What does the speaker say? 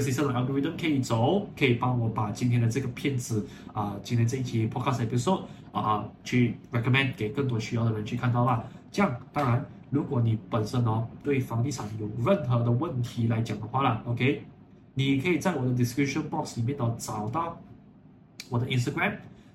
system、這個、algorithm，可以走，可以幫我把今天的這個片子啊、呃，今天這一集 podcast，episode 啊、呃，去 recommend 給更多需要的人去看到啦。這樣，當然，如果你本身哦對房地產有任何的問題來講的話啦，OK，你可以在我的 description box 裏面、哦、找到我的 Instagram。